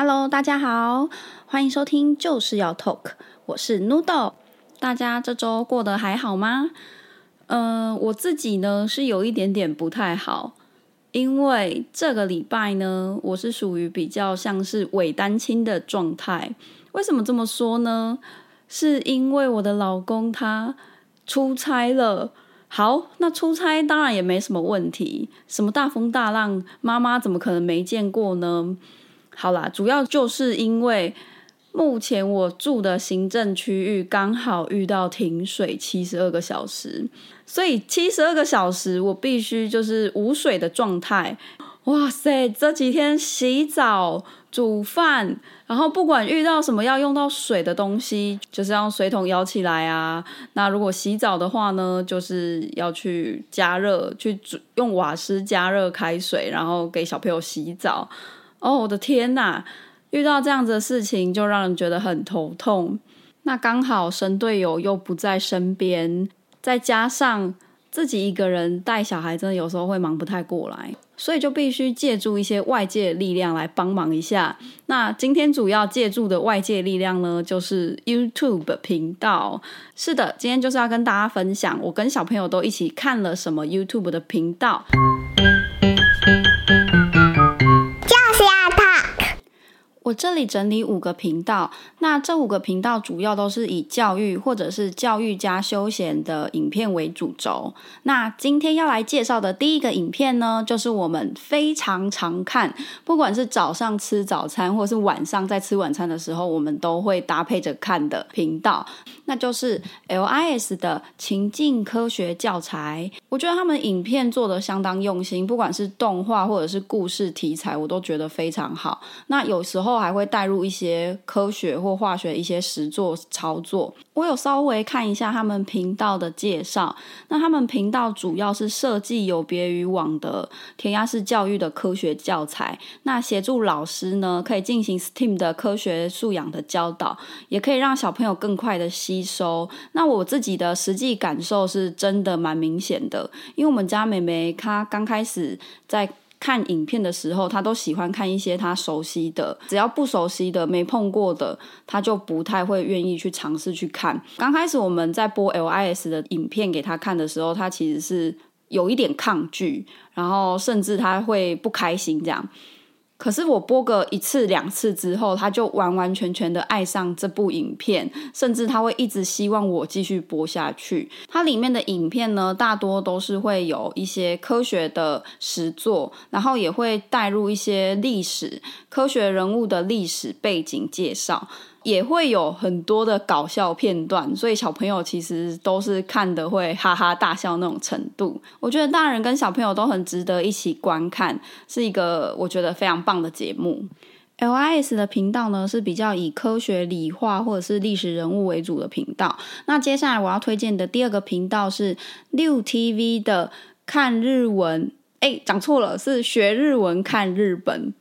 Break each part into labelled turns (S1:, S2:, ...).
S1: Hello，大家好，歡迎收聽，就是要 Talk，我是 Noodle。大家這週過得還好嗎？嗯、呃，我自己呢是有一點點不太好，因為這個禮拜呢，我是屬於比較像是偽單親的狀態。為什麼這麼說呢？是因為我的老公他出差了。好，那出差當然也沒什麼問題，什麼大風大浪，媽媽怎麼可能沒見過呢？好啦，主要就是因為目前我住的行政區域剛好遇到停水七十二個小時，所以七十二個小時我必須就是無水的狀態。哇塞，這幾天洗澡、煮飯，然後不管遇到什麼要用到水的東西，就是用水桶舀起來啊。那如果洗澡的話呢，就是要去加熱，去煮用瓦斯加熱開水，然後給小朋友洗澡。哦，oh, 我的天哪！遇到這樣子的事情，就讓人覺得很頭痛。那剛好神隊友又不在身邊，再加上自己一個人帶小孩，真的有時候會忙不太過來，所以就必須借助一些外界的力量來幫忙一下。那今天主要借助的外界力量呢，就是 YouTube 頻道。是的，今天就是要跟大家分享，我跟小朋友都一起看了什麼 YouTube 的頻道。 我這裡整理五個頻道，那這五個頻道主要都是以教育或者是教育加休閒的影片為主軸。那今天要來介紹的第一個影片呢，就是我們非常常看，不管是早上吃早餐或者是晚上在吃晚餐的時候，我們都會搭配着看的頻道，那就是 LIS 的情境科學教材。我覺得他們影片做的相當用心，不管是動畫或者是故事題材，我都覺得非常好。那有時候。還會帶入一些科學或化學一些實作操作。我有稍微看一下他們頻道的介紹，那他們頻道主要是設計有別於網的填鴨式教育的科學教材，那協助老師呢，可以進行 STEAM 的科學素養的教導，也可以讓小朋友更快的吸收。那我自己的實際感受是真的蠻明顯的，因為我們家妹妹她剛開始在。看影片的時候，他都喜歡看一些他熟悉的，只要不熟悉的、沒碰過的，他就不太會願意去嘗試去看。剛開始我們在播 LIS 的影片給他看的時候，他其實是有一點抗拒，然後甚至他會不開心這樣。可是我播個一次兩次之後，他就完完全全的愛上這部影片，甚至他會一直希望我繼續播下去。它裡面的影片呢，大多都是會有一些科學的實作，然後也會帶入一些歷史、科學人物的歷史背景介紹。也會有很多的搞笑片段，所以小朋友其實都是看得會哈哈大笑那種程度。我覺得大人跟小朋友都很值得一起觀看，是一個我覺得非常棒的節目。LIS 的頻道呢，是比較以科學、理化或者是歷史人物為主的頻道。那接下來我要推薦的第二個頻道是 Ryuuu TV 的看日文，哎，講錯了，是學日文看日本。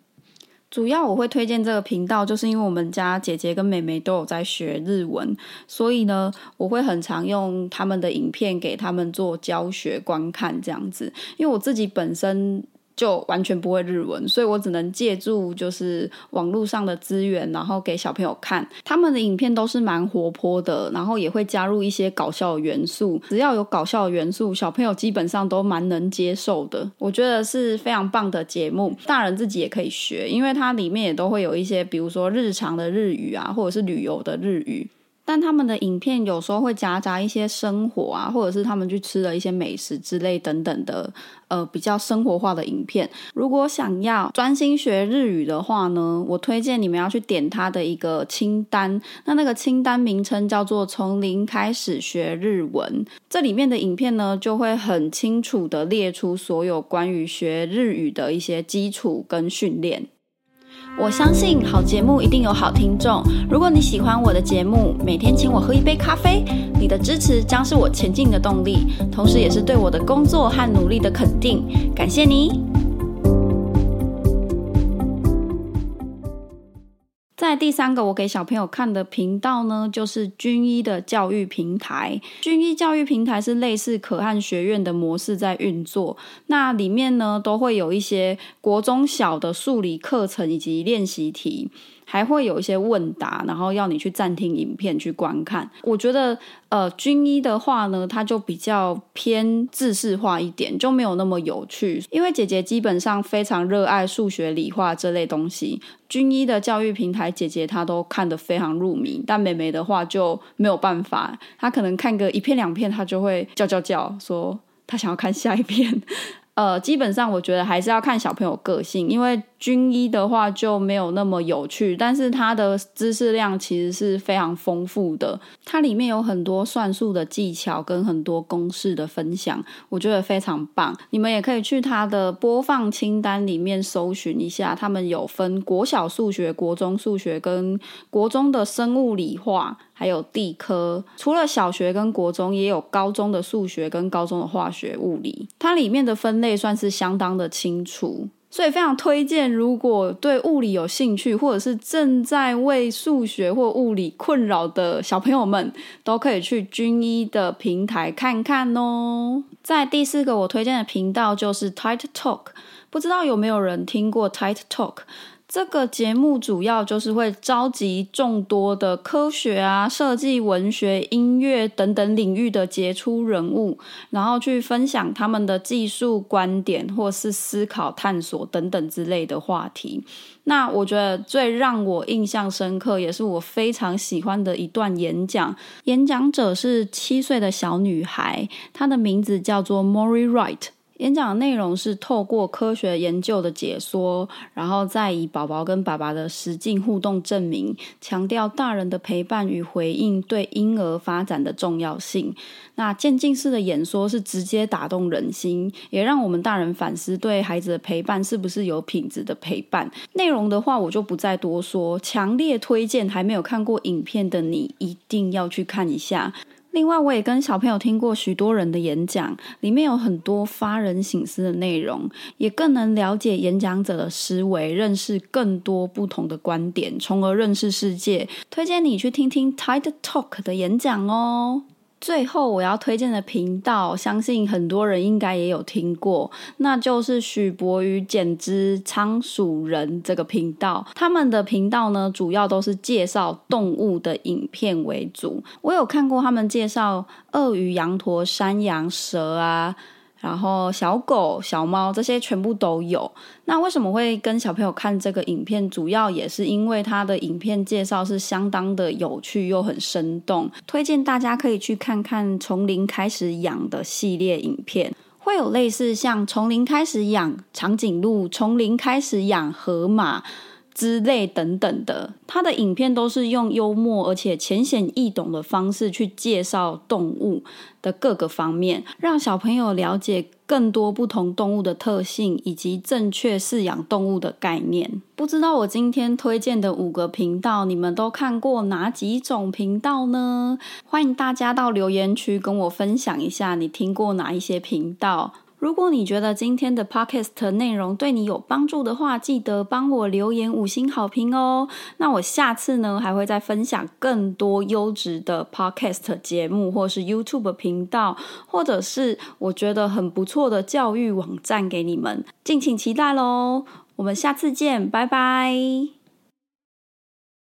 S1: 主要我會推薦這個頻道，就是因為我們家姐姐跟妹妹都有在學日文，所以呢，我會很常用他們的影片給他們做教學觀看這樣子。因為我自己本身。就完全不會日文，所以我只能借助就是網絡上的資源，然後給小朋友看。他們的影片都是蠻活潑的，然後也會加入一些搞笑元素。只要有搞笑元素，小朋友基本上都蠻能接受的。我覺得是非常棒的節目，大人自己也可以學，因為它裡面也都會有一些，比如說日常的日語啊，或者是旅遊的日語。但他們的影片有時候會夾雜一些生活啊，或者是他們去吃的一些美食之類等等的，呃，比較生活化的影片。如果想要專心學日語的話呢，我推薦你們要去點他的一個清單。那那個清單名稱叫做《從零開始學日文》，這裡面的影片呢就會很清楚的列出所有關於學日語的一些基礎跟訓練。我相信好節目一定有好聽眾。如果你喜歡我的節目，每天請我喝一杯咖啡，你的支持將是我前進的動力，同時也是對我的工作和努力的肯定。感謝你。第三個我給小朋友看的頻道呢，就是均一的教育平台。均一教育平台是類似可汗學院的模式在運作，那裡面呢都會有一些國中小的數理課程以及練習題。還會有一些問答，然後要你去暫停影片去觀看。我覺得，呃，均一的話呢，它就比較偏制式化一點，就沒有那麼有趣。因為姐姐基本上非常熱愛數學、理化這類東西，均一的教育平台，姐姐她都看得非常入迷。但妹妹的話就沒有辦法，她可能看個一片兩片，她就會叫叫叫，說她想要看下一片。呃，基本上我覺得還是要看小朋友個性，因為均一的話就沒有那麼有趣，但是它的知識量其實是非常豐富的，它裡面有很多算術的技巧跟很多公式的分享，我覺得非常棒。你們也可以去它的播放清單裡面搜尋一下，他們有分國小數學、國中數學跟國中的生物理化，還有地科。除了小學跟國中，也有高中的數學跟高中的化學物理。它裡面的分類。也算是相當的清楚，所以非常推薦。如果對物理有興趣，或者是正在為數學或物理困擾的小朋友們，都可以去均一的平台看看哦。在第四個我推薦的頻道就是 Tight Talk，不知道有沒有人聽過 Tight Talk？這個節目主要就是會召集眾多的科學啊、設計、文學、音樂等等領域的傑出人物，然後去分享他們的技術觀點或是思考、探索等等之類的話題。那我覺得最讓我印象深刻，也是我非常喜歡的一段演講。演講者是七歲的小女孩，她的名字叫做 Mori Wright。演講的內容是透過科學研究的解說，然後再以寶寶跟爸爸的實境互動證明，強調大人的陪伴與回應對嬰兒發展的重要性。那漸進式的演說是直接打動人心，也讓我們大人反思對孩子的陪伴是不是有品質的陪伴。內容的話，我就不再多說，強烈推薦還沒有看過影片的你，一定要去看一下。另外，我也跟小朋友聽過許多人的演講，裡面有很多發人省思的內容，也更能了解演講者的思維，認識更多不同的觀點，從而認識世界。推薦你去聽聽 TED Talk 的演講哦。最後我要推薦的頻道，相信很多人應該也有聽過，那就是許伯與簡芝倉鼠人這個頻道。他們的頻道呢，主要都是介紹動物的影片為主。我有看過他們介紹鱷魚、羊駝、山羊、蛇啊。然後小狗、小貓這些全部都有。那為什麼會跟小朋友看這個影片？主要也是因為它的影片介紹是相當的有趣又很生動，推薦大家可以去看看《從零開始養》的系列影片，會有類似像《從零開始養長頸鹿》《從零開始養河馬》。之類等等的，他的影片都是用幽默而且淺顯易懂的方式去介紹動物的各個方面，讓小朋友了解更多不同動物的特性以及正確飼養動物的概念。不知道我今天推薦的五個頻道，你們都看過哪幾種頻道呢？歡迎大家到留言區跟我分享一下，你聽過哪一些頻道？如果你覺得今天的 podcast 內容對你有幫助的話，記得幫我留言五星好評哦。那我下次呢，還會再分享更多優質的 podcast 節目，或是 YouTube 頻道，或者是我覺得很不錯的教育網站給你們。敬請期待嘍。我們下次見，拜拜。